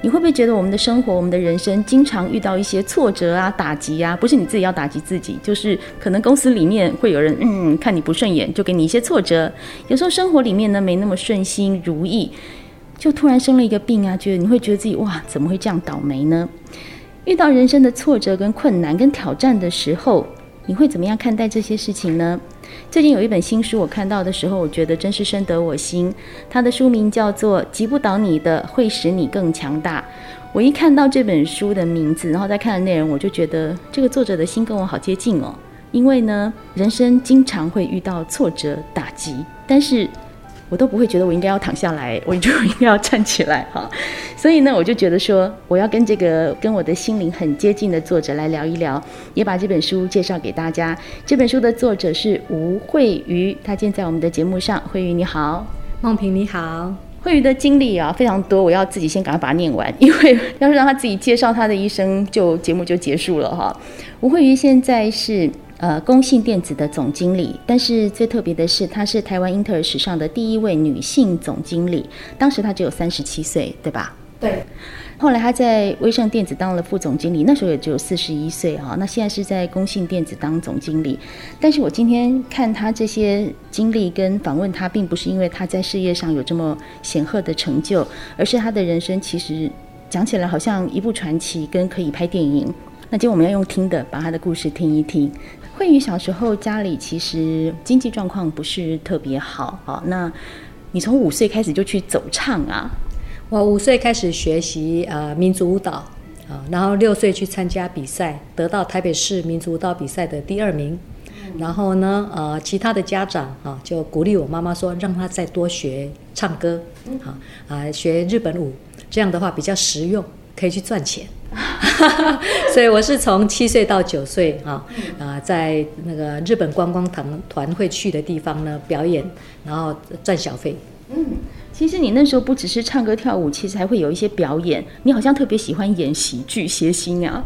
你會不會覺得我們的生活、我們的人生經常遇到一些挫折啊、打擊啊？不是你自己要打擊自己，就是可能公司裡面會有人嗯看你不順眼，就給你一些挫折。有時候生活裡面呢沒那麼順心如意，就突然生了一個病啊，覺得你會覺得自己哇，怎麼會這樣倒霉呢？遇到人生的挫折跟困難跟挑戰的時候。你會怎麼樣看待這些事情呢？最近有一本新書，我看到的時候，我覺得真是深得我心。它的書名叫做《擊不倒你的會使你更強大》。我一看到這本書的名字，然後再看內容，我就覺得這個作者的心跟我好接近哦。因為呢，人生經常會遇到挫折、打擊，但是，我都不會覺得我應該要躺下來，我就我應該要站起來哈、啊。所以呢，我就覺得說，我要跟這個跟我的心靈很接近的作者來聊一聊，也把這本書介紹給大家。這本書的作者是吳惠瑜，他今天在，在我們的節目上。惠瑜你好，夢萍你好。惠瑜的經歷啊非常多，我要自己先趕快把它念完，因為要是讓他自己介紹他的一生就，就節目就結束了哈、啊。吳惠瑜現在是。呃，公信電子的總經理，但是最特別的是，她是台灣英特爾史上的第一位女性總經理。當時她只有三十七歲，對吧？對。後來她在威盛電子當了副總經理，那時候也只有四十一歲哈、哦。那現在是在公信電子當總經理。但是我今天看她這些經歷跟訪問她，並不是因為她在事業上有這麼顯赫的成就，而是她的人生其實講起來好像一部傳奇，跟可以拍電影。那今天我們要用聽的，把她的故事聽一聽。惠瑜小時候家裡其實經濟狀況不是特別好啊。那，你從五歲開始就去走唱啊？我五歲開始學習呃民族舞蹈啊，然後六歲去參加比賽，得到台北市民族舞蹈比賽的第二名。然後呢呃，其他的家長啊就鼓勵我媽媽說，讓她再多學唱歌，好啊，學日本舞，這樣的話比較實用。可以去賺錢， 所以我是從七歲到九歲啊，啊、 呃，在那個日本觀光團團會去的地方呢表演，然後賺小費。嗯，其實你那時候不只是唱歌跳舞，其實還會有一些表演。你好像特別喜歡演喜劇諧星啊。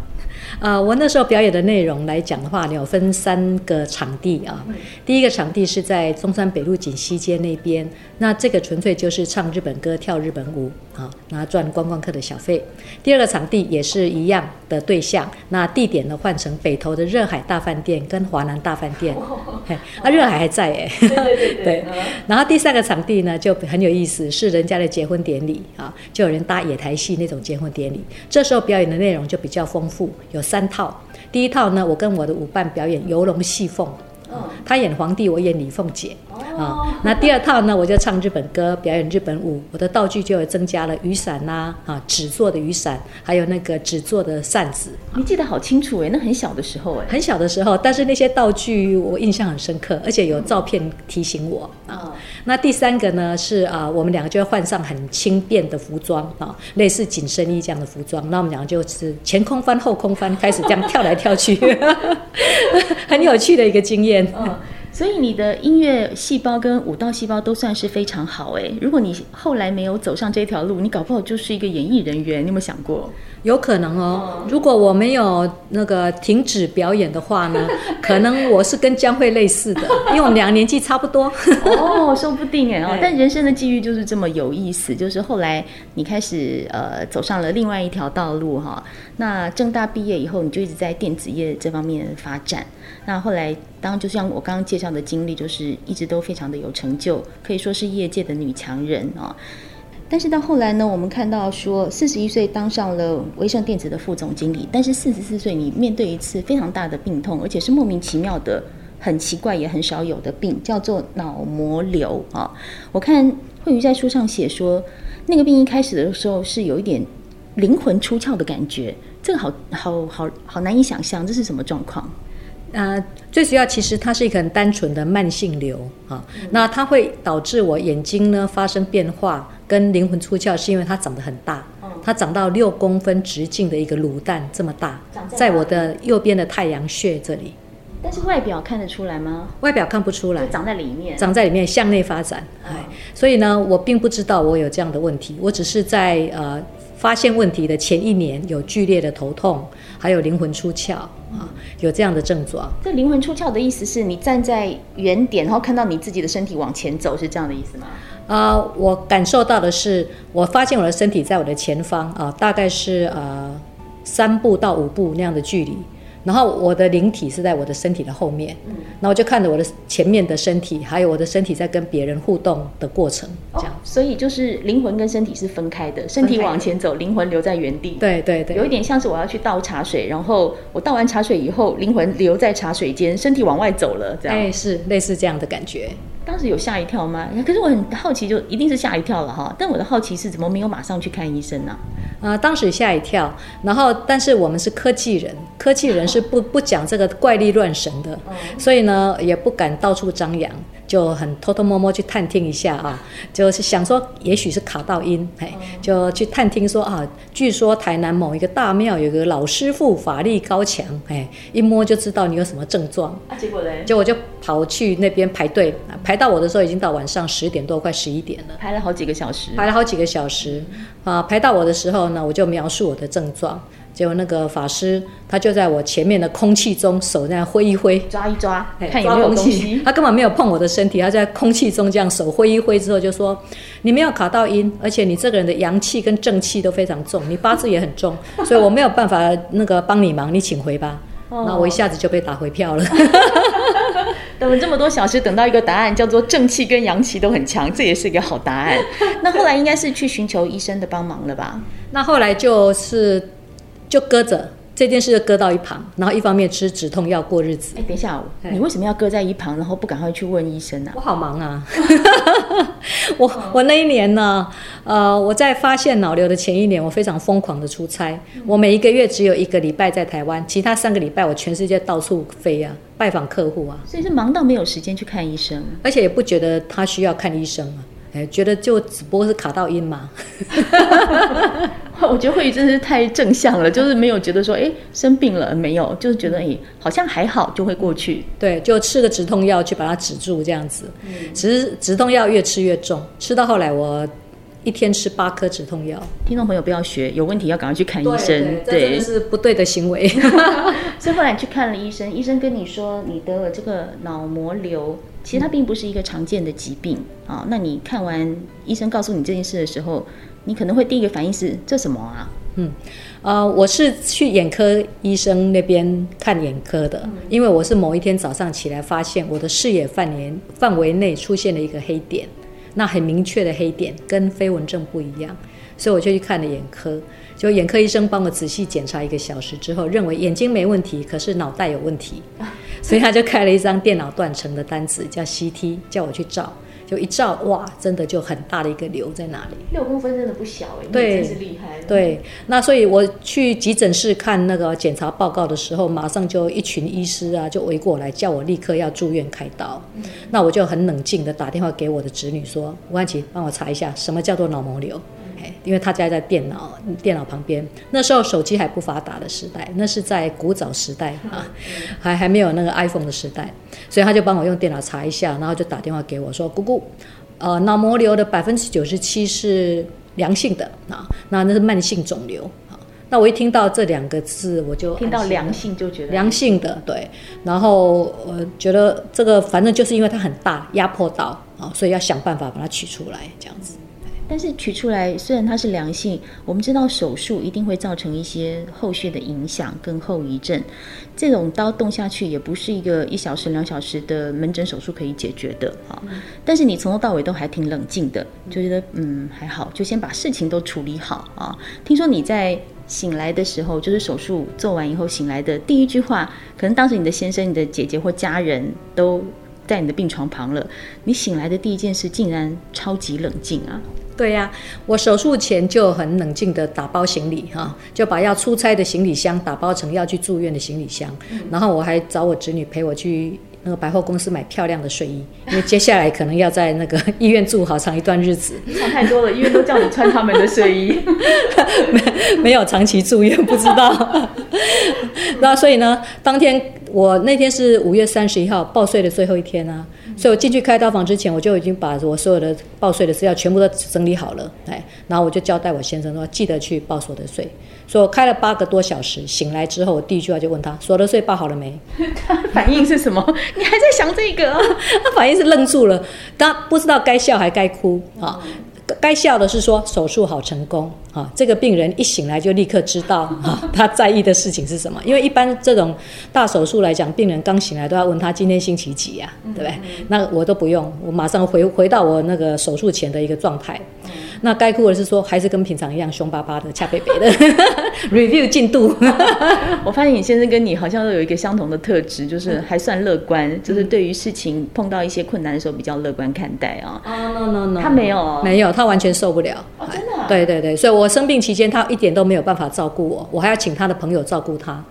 啊，我那時候表演的內容來講的話，你有分三個場地啊。第一個場地是在中山北路錦西街那邊，那這個純粹就是唱日本歌，跳日本舞啊，然後賺觀光客的小費。第二個場地也是一樣的對象，那地點呢換成北投的熱海大飯店跟華南大飯店，哦，啊，熱海還在哎，欸，對，對，對，對， 對。然後第三個場地呢就很有意思，是人家的結婚典禮啊，就有人搭野台戲那種結婚典禮，這時候表演的內容就比較豐富，有。三套，第一套呢，我跟我的舞伴表演《遊龍戲鳳》，Oh. 他演皇帝，我演李鳳姐，Oh. 啊。那第二套呢，我就唱日本歌，表演日本舞，我的道具就增加了雨傘吶，啊，啊，紙做的雨傘，還有那個紙做的扇子。你記得好清楚哎，那很小的時候哎，很小的時候，但是那些道具我印象很深刻，而且有照片提醒我啊。Oh. 那第三個呢是啊，我們兩個就要換上很輕便的服裝啊、哦，類似緊身衣這樣的服裝。那我們兩個就是前空翻、後空翻，開始這樣跳來跳去， 很有趣的一個經驗。哦，所以你的音樂細胞跟舞蹈細胞都算是非常好哎、欸。如果你後來沒有走上這條路，你搞不好就是一個演藝人員，你有沒有想過？有可能哦，如果我沒有那個停止表演的話呢，可能我是跟江蕙類似的，因為我們兩個年紀差不多。 哦，說不定哎哦，但人生的際遇就是這麼有意思，對就是後來你開始呃走上了另外一條道路哈、哦。那正大畢業以後，你就一直在電子業這方面發展。那後來，當然就像我剛剛介紹的經歷，就是一直都非常的有成就，可以說是業界的女強人啊。哦但是到後來呢，我們看到說，四十一歲當上了威盛電子的副總經理，但是四十四歲你面對一次非常大的病痛，而且是莫名其妙的、很奇怪也很少有的病，叫做腦膜瘤啊。我看惠瑜在書上寫說，那個病一開始的時候是有一點靈魂出竅的感覺，這個好好好好難以想象，這是什麼狀況？呃，最主要其實它是一個很單純的慢性瘤啊，嗯、那它會導致我眼睛呢發生變化，跟靈魂出竅是因為它長得很大，嗯、它長到六公分直徑的一個滷蛋這麼大，長在哪裡？在我的右邊的太陽穴這裡，嗯，但是外表看得出來嗎？外表看不出來，長在裡面，長在裡面向內發展，嗯嗯，所以呢，我並不知道我有這樣的問題，我只是在呃。發現問題的前一年，有劇烈的頭痛，還有靈魂出竅啊，有這樣的症狀。這靈魂出竅的意思是你站在原點，然後看到你自己的身體往前走，是這樣的意思嗎？啊、呃，我感受到的是，我發現我的身體在我的前方啊，大概是呃三步到五步那樣的距離。然後我的靈體是在我的身體的後面，嗯、然後我就看着我的前面的身體，還有我的身體在跟別人互動的過程，這樣。哦、所以就是靈魂跟身體是分開的，分開的，身體往前走，靈魂留在原地。對對對，對對，有一點像是我要去倒茶水，然後我倒完茶水以後，靈魂留在茶水間，身體往外走了，這樣。哎，是類似這樣的感覺。當時有嚇一跳嗎？可是我很好奇，就一定是嚇一跳了哈。但我的好奇是怎麼沒有馬上去看醫生呢、啊？啊、呃，當時嚇一跳，然後，但是我們是科技人，科技人是不不講這個怪力亂神的，所以呢，也不敢到處張揚。就很偷偷摸摸去探聽一下啊，就是想說，也許是卡到音，哎，就去探聽說啊，據說台南某一個大廟有個老師傅法力高強，哎，一摸就知道你有什麼症狀啊。結果呢？就我就跑去那邊排隊，排到我的時候已經到晚上十點多，快十一點了。排了好幾個小時，排了好幾個小時，啊，排到我的時候呢，我就描述我的症狀。結果那個法師，他就在我前面的空氣中手那樣揮一揮，抓一抓，看、欸、有沒有東西。他根本沒有碰我的身體，他在空氣中這樣手揮一揮之後就說：“你沒有卡到陰，而且你這個人的陽氣跟正氣都非常重，你八字也很重， 所以我沒有辦法那個幫你忙，你請回吧。” 那我一下子就被打回票了。 等了這麼多小時，等到一個答案叫做“正氣跟陽氣都很強”，這也是一個好答案。 那後來應該是去尋求醫生的幫忙了吧？那後來就是。就擱着這件事，就擱到一旁，然後一方面吃止痛藥過日子。哎、欸，等一下、哦，嗯、你為什麼要擱在一旁，然後不趕快去問醫生呢、啊？我好忙啊！ 我、嗯、我那一年呢、啊，呃，我在發現腦瘤的前一年，我非常瘋狂的出差，嗯、我每一個月只有一個禮拜在台灣，其他三個禮拜我全世界到處飛啊，拜訪客戶啊，所以是忙到沒有時間去看醫生，嗯、而且也不覺得他需要看醫生啊。哎、欸，覺得就只不過是卡到陰嘛？ 我覺得惠瑜真是太正向了，就是沒有覺得說哎、欸、生病了沒有，就是覺得、嗯欸、好像還好，就會過去。對，就吃個止痛藥去把它止住這樣子。其、嗯、止止痛藥越吃越重，吃到後來我一天吃八顆止痛藥。聽眾朋友不要學，有問題要趕快去看醫生。對，對對這是不對的行為。 所以後來你去看了醫生，醫生跟你說你得了這個腦膜瘤。其實它並不是一個常見的疾病啊。那你看完醫生告訴你這件事的時候，你可能會第一個反應是這什麼啊？嗯，呃，我是去眼科醫生那邊看眼科的，嗯、因為我是某一天早上起來發現我的視野範圍範圍內出現了一個黑點，那很明確的黑點跟飛蚊症不一樣，所以我就去看了眼科。就眼科醫生幫我仔細檢查一個小時之後，認為眼睛沒問題，可是腦袋有問題。啊所以他就開了一張電腦斷層的單子，叫 CT，叫我去照。就一照，哇，真的就很大的一個瘤在那裡，六公分真的不小了、欸，對，真是厲害。對，那所以我去急診室看那個檢查報告的時候，馬上就一群醫師啊就圍過來，叫我立刻要住院開刀。嗯、那我就很冷靜地打電話給我的侄女說：“吳安琪，幫我查一下什麼叫做腦膜瘤。”因為他家在電腦電腦旁邊，那時候手機還不發達的時代，那是在古早時代啊，嗯嗯、還還沒有那個 iPhone 的時代，所以他就幫我用電腦查一下，然後就打電話給我說：“姑姑、嗯，呃，腦膜瘤的百分之九十七是良性的啊，那那是慢性腫瘤啊。”那我一聽到這兩個字，我就聽到良性就覺得良性的對，然後我，呃，覺得這個反正就是因為它很大壓迫到啊，所以要想辦法把它取出來這樣子。但是取出來，雖然它是良性，我們知道手術一定會造成一些後續的影響跟後遺症。這種刀動下去也不是一個一小時、兩小時的門診手術可以解決的啊。嗯。但是你從頭到尾都還挺冷靜的，就覺得嗯還好，就先把事情都處理好啊。聽說你在醒來的時候，就是手術做完以後醒來的第一句話，可能當時你的先生、你的姐姐或家人都在你的病床旁了。你醒來的第一件事竟然超級冷靜啊！對呀、啊，我手術前就很冷靜的打包行李哈，就把要出差的行李箱打包成要去住院的行李箱，嗯、然後我還找我侄女陪我去那個百貨公司買漂亮的睡衣，因為接下來可能要在那個醫院住好長一段日子。想太多了，醫院都叫你穿他們的睡衣。沒 沒有長期住院，不知道。 那所以呢，當天。我那天是五月三十一號報稅的最後一天啊，所以我進去開刀房之前，我就已經把我所有的報稅的資料全部都整理好了，來，然後我就交代我先生說，記得去報所得稅。所以我開了八個多小時，醒來之後，我第一句話就問他所得稅報好了沒？他反應是什麼？ 你還在想這個哦？他反應是愣住了，他不知道該笑還該哭啊？該笑的是說手術好成功。啊、哦，這個病人一醒來就立刻知道啊、哦，他在意的事情是什麼？因為一般這種大手術來講，病人剛醒來都要問他今天星期幾啊，對不對？那我都不用，我馬上回回到我那個手術前的一個狀態。那概括的是說，還是跟平常一樣兇巴巴的，恰北北的 review 進度。 我發現你先生跟你好像都有一個相同的特質，就是還算樂觀，嗯、就是對於事情碰到一些困難的時候比較樂觀看待啊。哦、no no no，他、no. 沒有、哦，沒有，他完全受不了。哦、真的、啊哎？對對對，所以我。我生病期間，他一點都沒有辦法照顧我，我還要請他的朋友照顧他。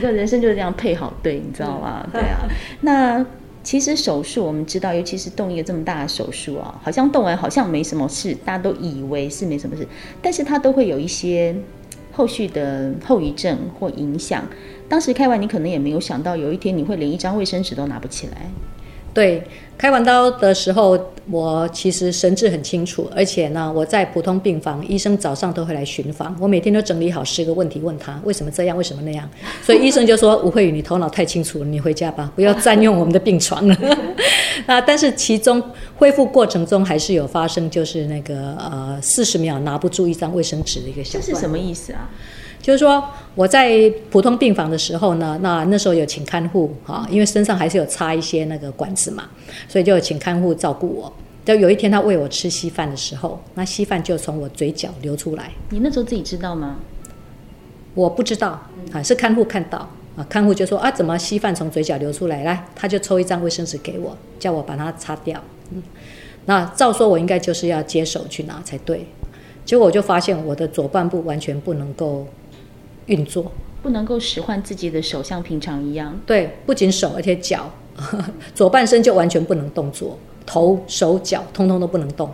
這人生就是這樣配好對，你知道嗎？對啊。那其實手術我們知道，尤其是動一個這麼大的手術啊，好像動完好像沒什麼事，大家都以為是沒什麼事，但是他都會有一些後續的後遺症或影響。當時開完，你可能也沒有想到，有一天你會連一張衛生紙都拿不起來。對，開完刀的時候，我其實神志很清楚，而且呢，我在普通病房，醫生早上都會來巡房，我每天都整理好十個問題問他，為什麼這樣，為什麼那樣，所以醫生就說 吳惠瑜，你頭腦太清楚了，你回家吧，不要占用我們的病床了。 啊，但是其中恢復過程中還是有發生，就是那個呃，四十秒拿不住一張衛生紙的一個習慣，這是什麼意思啊？就是說，我在普通病房的時候呢，那那時候有請看護，哈，因為身上還是有插一些那個管子嘛，所以就請看護照顧我。就有一天他餵我吃稀飯的時候，那稀飯就從我嘴角流出來。你那時候自己知道嗎？我不知道，還是看護看到啊？看護就說啊，怎麼稀飯從嘴角流出來？來，他就抽一張衛生紙給我，叫我把它擦掉。嗯，那照說我應該就是要接手去拿才對，結果我就發現我的左半部完全不能夠。運作，不能夠使喚自己的手，像平常一樣。對，不僅手，而且腳，左半身就完全不能動作，頭、手、腳通通都不能動。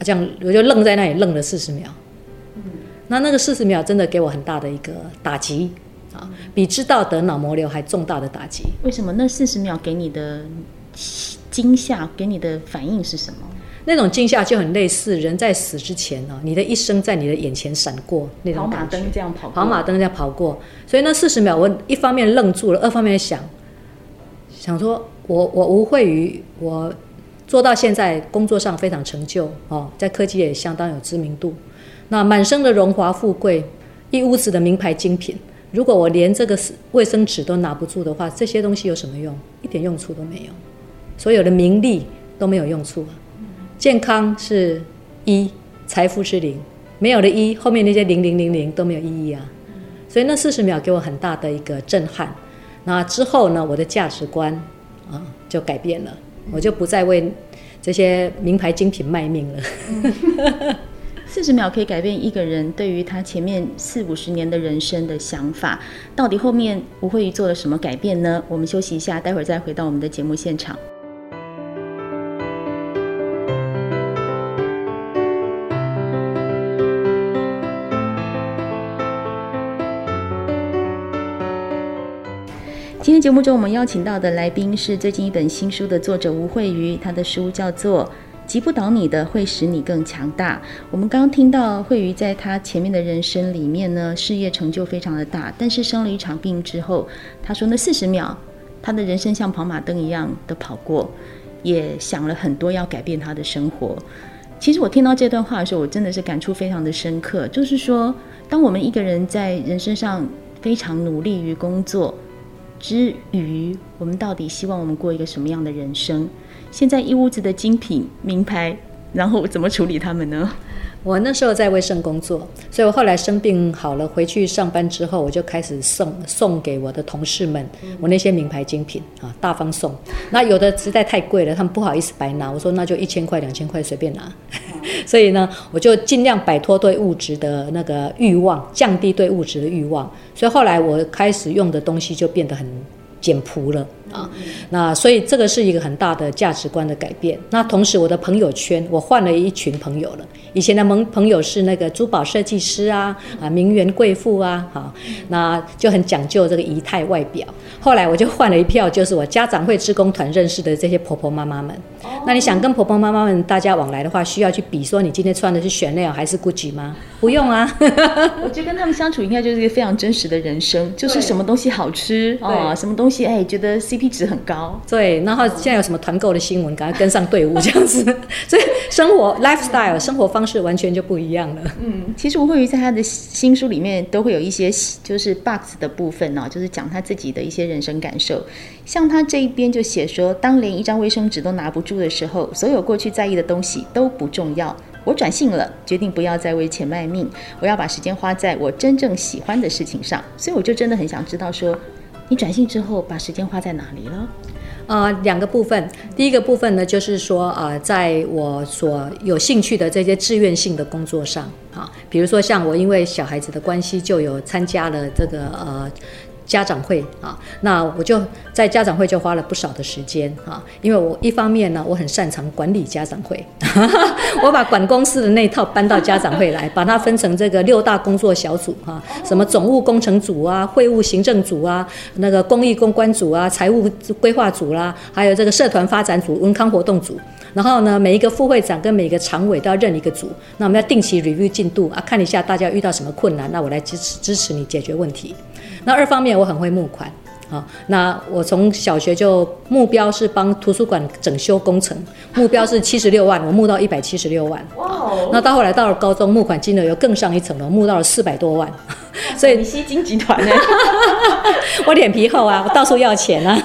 這樣我就愣在那裡，愣了四十秒。嗯，那那個四十秒真的給我很大的一個打擊啊，嗯，比知道得腦膜瘤還重大的打擊。為什麼那四十秒給你的驚嚇，給你的反應是什麼？那種驚嚇就很類似人在死之前哦、啊，你的一生在你的眼前閃過那種跑馬燈這樣跑過，跑馬燈這樣跑過。所以那四十秒，我一方面愣住了，二方面想，想說我我無惠於我做到現在工作上非常成就哦，在科技也相當有知名度。那滿身的榮華富貴，一屋子的名牌精品，如果我連這個衛生紙都拿不住的話，這些東西有什麼用？一點用處都沒有，所有的名利都沒有用處。健康是一，財富是零，沒有了一，後面那些零零零零都沒有意義啊。所以那四十秒給我很大的一個震撼。那之後呢，我的價值觀啊就改變了，我就不再為這些名牌精品賣命了。四 十秒可以改變一個人對於他前面四五十年的人生的想法。到底後面吳惠瑜做了什麼改變呢？我們休息一下，待會兒再回到我們的節目現場。節目中，我們邀請到的來賓是最近一本新書的作者吳惠瑜，他的書叫做《擊不倒你的會使你更強大》。我們剛剛聽到惠瑜在他前面的人生裡面呢，事業成就非常的大，但是生了一場病之後，他說那四十秒，他的人生像跑馬燈一樣的跑過，也想了很多要改變他的生活。其實我聽到這段話的時候，我真的是感觸非常的深刻，就是說，當我們一個人在人生上非常努力於工作，至於，我們到底希望我們過一個什麼樣的人生？現在一屋子的精品名牌。然後怎麼處理他們呢？我那時候在威盛工作，所以我後來生病好了回去上班之後，我就開始送送給我的同事們我那些名牌精品啊，大方送。那有的實在太貴了，他們不好意思白拿，我說那就一千塊兩千塊隨便拿。 所以呢，我就盡量擺脫對物質的那個慾望，降低對物質的慾望。所以後來我開始用的東西就變得很簡樸了。啊，那所以這個是一個很大的價值觀的改變。那同時，我的朋友圈我換了一群朋友了。以前的朋朋友是那個珠寶設計師啊，啊名媛貴婦啊，啊，那就很講究這個儀態外表。後來我就換了一票，就是我家長會志工團認識的這些婆婆媽媽們。哦、那你想跟婆婆媽媽們大家往來的話，需要去比說你今天穿的是 Chanel 還是 GUCCI 嗎？不用啊。我覺得跟他們相處應該就是一個非常真實的人生，就是什麼東西好吃啊對、哦，什麼東西哎、欸、覺得、C。值很高，對。然後，現在有什麼團購的新聞，趕快跟上隊伍這樣子。 所以生活 lifestyle 生活方式完全就不一樣了。嗯，其實吳惠瑜在他的新書裡面都會有一些就是 box 的部分呢、啊，就是講他自己的一些人生感受。像他這一邊就寫說，當連一張衛生紙都拿不住的時候，所有過去在意的東西都不重要。我轉性了，決定不要再為錢賣命，我要把時間花在我真正喜歡的事情上。所以我就真的很想知道說。你轉型之後，把時間花在哪裡了？呃，兩個部分。第一個部分呢，就是說，呃，在我所有興趣的這些志願性的工作上啊，比如說像我因為小孩子的關係，就有參加了這個呃。家長會啊，那我就在家長會就花了不少的時間啊，因為我一方面呢，我很擅長管理家長會， 我把管公司的那一套搬到家長會來，把它分成這個六大工作小組哈，什麼總務工程組啊、會務行政組啊、那個公益公關組啊、財務規劃組啦、啊，還有這個社團發展組、文康活動組，然後呢，每一個副會長跟每一個常委都要任一個組，那我們要定期 review 進度啊，看一下大家遇到什麼困難，那我來支持支持你解決問題。那二方面我很會募款，啊，那我從小學就目標是幫圖書館整修工程，目標是七十六萬，我募到一百七十六萬。哇哦！那到後來到了高中，募款金額又更上一層樓，募到了四百多萬。所以你吸金集團呢？我臉皮厚啊，我到處要錢啊。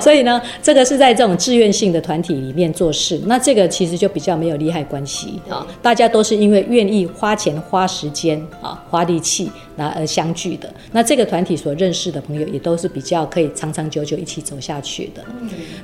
所以呢，這個是在這種志願性的團體裡面做事，那這個其實就比較沒有利害關係啊，大家都是因為願意花錢、花時間啊、花力氣，那而相聚的。那這個團體所認識的朋友也都是比較可以長長久久一起走下去的。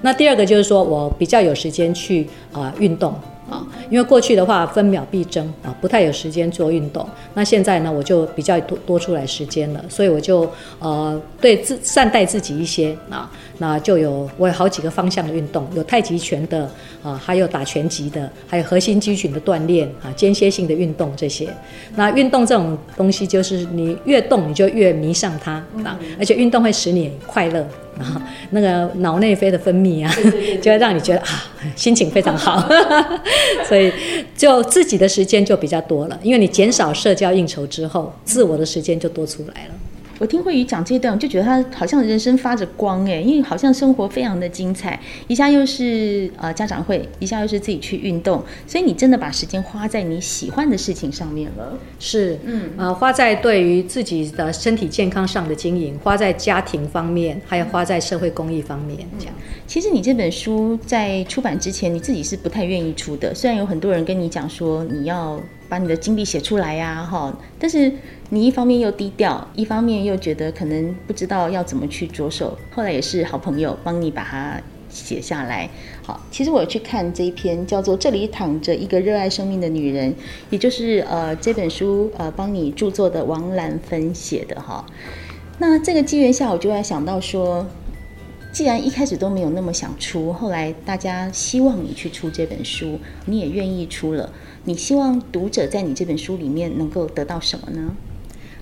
那第二個就是說我比較有時間去啊運動。啊，因為過去的話分秒必爭啊，不太有時間做運動。那現在呢，我就比較多多出來時間了，所以我就呃對自善待自己一些啊。那就有我有好幾個方向的運動，有太極拳的啊，還有打拳擊的，還有核心肌群的鍛鍊啊，間歇性的運動這些。那運動這種東西就是你越動你就越迷上它啊，而且運動會使你快樂。然後、哦，那個腦內啡的分泌啊，對對對 就會讓你覺得啊，心情非常好， 所以就自己的時間就比較多了，因為你減少社交應酬之後，自我的時間就多出來了。我聽惠瑜講這段，我就覺得他好像人生發着光誒、欸，因為好像生活非常的精彩，一下又是呃家長會，一下又是自己去運動，所以你真的把時間花在你喜歡的事情上面了。是，嗯，呃，花在對於自己的身體健康上的經營，花在家庭方面，還有花在社會公益方面，這樣、嗯。其實你這本書在出版之前，你自己是不太願意出的，雖然有很多人跟你講說你要把你的經歷寫出來呀，哈，但是。你一方面又低調，一方面又覺得可能不知道要怎麼去着手。後來也是好朋友幫你把它寫下來。好，其實我去看這一篇叫做《這裡躺着一個熱愛生命的女人》，也就是呃這本書呃幫你著作的王蘭芬寫的哈。那這個機緣下，我就會想到說，既然一開始都沒有那麼想出，後來大家希望你去出這本書，你也願意出了，你希望讀者在你這本書裡面能夠得到什麼呢？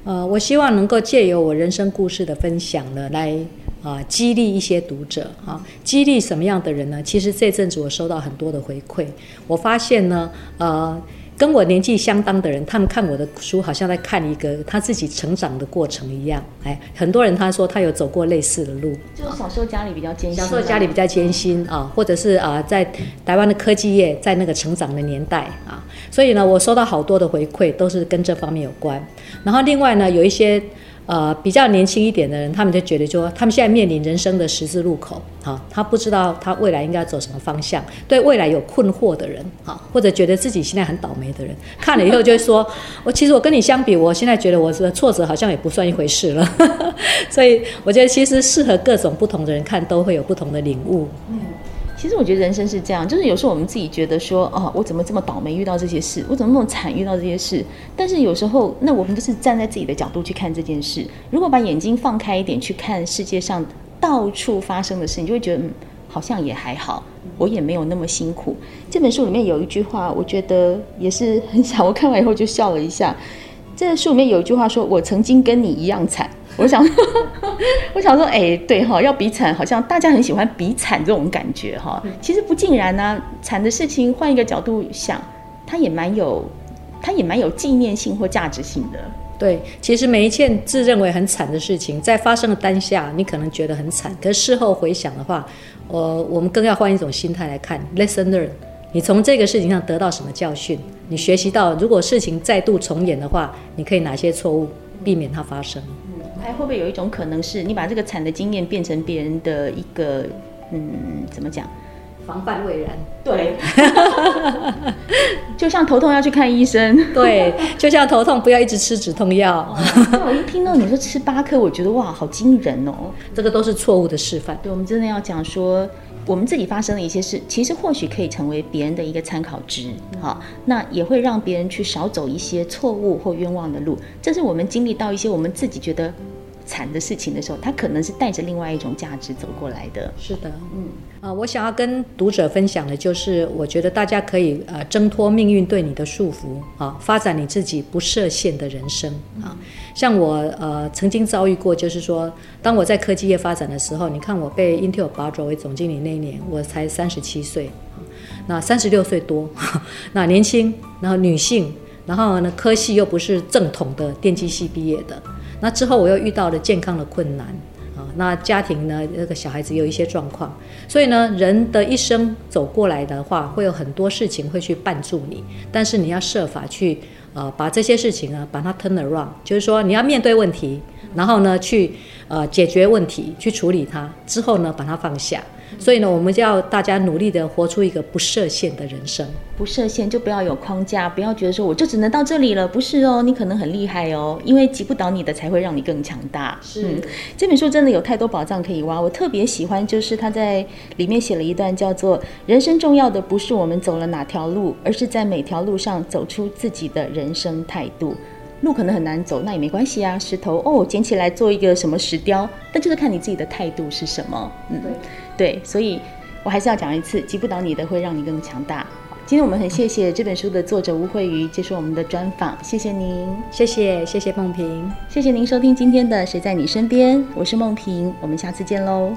呃，我希望能夠借由我人生故事的分享呢，來啊、呃、激勵一些讀者啊，激勵什麼樣的人呢？其實這陣子我收到很多的回饋，我發現呢，呃。跟我年紀相當的人，他們看我的書，好像在看一個他自己成長的過程一樣。哎，很多人他說他有走過類似的路，就小時候家裡比較艱辛，小時候家裡比較艱辛啊，或者是啊，在台灣的科技業在那個成長的年代啊，所以呢，我收到好多的回饋都是跟這方面有關。然後另外呢，有一些。呃，比較年輕一點的人，他們就覺得說，他們現在面臨人生的十字路口，哈、啊，他不知道他未來應該要走什麼方向，對未來有困惑的人，哈、啊，或者覺得自己現在很倒霉的人，看了以後就會說，我其實我跟你相比，我現在覺得我的挫折好像也不算一回事了，呵呵，所以我覺得其實適合各種不同的人看，都會有不同的領悟。嗯。其實我覺得人生是這樣，就是有時候我們自己覺得說，哦、啊，我怎麼這麼倒霉遇到這些事，我怎麼那麼慘遇到這些事？但是有時候，那我們都是站在自己的角度去看這件事。如果把眼睛放開一點去看世界上到處發生的事，你就會覺得、嗯、好像也還好，我也沒有那麼辛苦。這本書裡面有一句話，我覺得也是很想，我看完以後就笑了一下。這本書裡面有一句話說：“我曾經跟你一樣慘。”我想， 我想說，哎，對哈，要比慘，好像大家很喜歡比慘這種感覺哈。其實不盡然呢、啊，慘的事情換一個角度想，它也蠻有，它也蠻有紀念性或價值性的。對，其實每一件自認為很慘的事情，在發生的當下，你可能覺得很慘，可是事後回想的話，呃，我們更要換一種心態來看，lesson learn，你從這個事情上得到什麼教訓？你學習到，如果事情再度重演的話，你可以哪些錯誤避免它發生？哎，還會不會有一種可能是你把這個慘的經驗變成別人的一個，嗯，怎麼講，防患未然？對， 就像頭痛要去看醫生。 對，就像頭痛不要一直吃止痛藥。 哦，我一聽到你說吃八顆，我覺得哇，好驚人哦！這個都是錯誤的示範。對，我們真的要講說。我們自己發生了一些事，其實或許可以成為別人的一個參考值，嗯、好，那也會讓別人去少走一些錯誤或冤枉的路。這是我們經歷到一些我們自己覺得。慘的事情的時候，他可能是帶着另外一種價值走過來的。是的，嗯啊、呃，我想要跟讀者分享的就是，我覺得大家可以呃掙脫命運對你的束縛啊、呃，發展你自己不設限的人生啊、呃。像我呃曾經遭遇過，就是說，當我在科技業發展的時候，你看我被 Intel 拔走為總經理那一年，我才三十七歲啊、呃，那三十六歲多，那年輕，然後女性，然後呢科系又不是正統的電機系畢業的。那之後我又遇到了健康的困難，啊，那家庭呢，那個小孩子有一些狀況，所以呢，人的一生走過來的話，會有很多事情會去絆住你，但是你要設法去，啊把這些事情呢，把它 turn around，就是說你要面對問題，然後呢，去啊解決問題，去處理它，之後呢，把它放下。所以呢，我們就要大家努力的活出一個不設限的人生。不設限就不要有框架，不要覺得說我就只能到這裡了，不是哦，你可能很厲害哦，因為擊不倒你的才會讓你更強大。是、嗯，這本書真的有太多寶藏可以挖。我特別喜歡，就是他在裡面寫了一段叫做“人生重要的不是我們走了哪條路，而是在每條路上走出自己的人生態度。路可能很難走，那也沒關係啊，石頭哦，撿起來做一個什麼石雕，但就是看你自己的態度是什麼。嗯。對對，所以，我還是要講一次，擊不倒你的，會讓你更強大。今天我們很謝謝這本書的作者吳惠瑜接受我們的專訪，謝謝您，謝謝，謝謝夢萍，謝謝您收聽今天的《誰在你身邊》，我是夢萍，我們下次見嘍。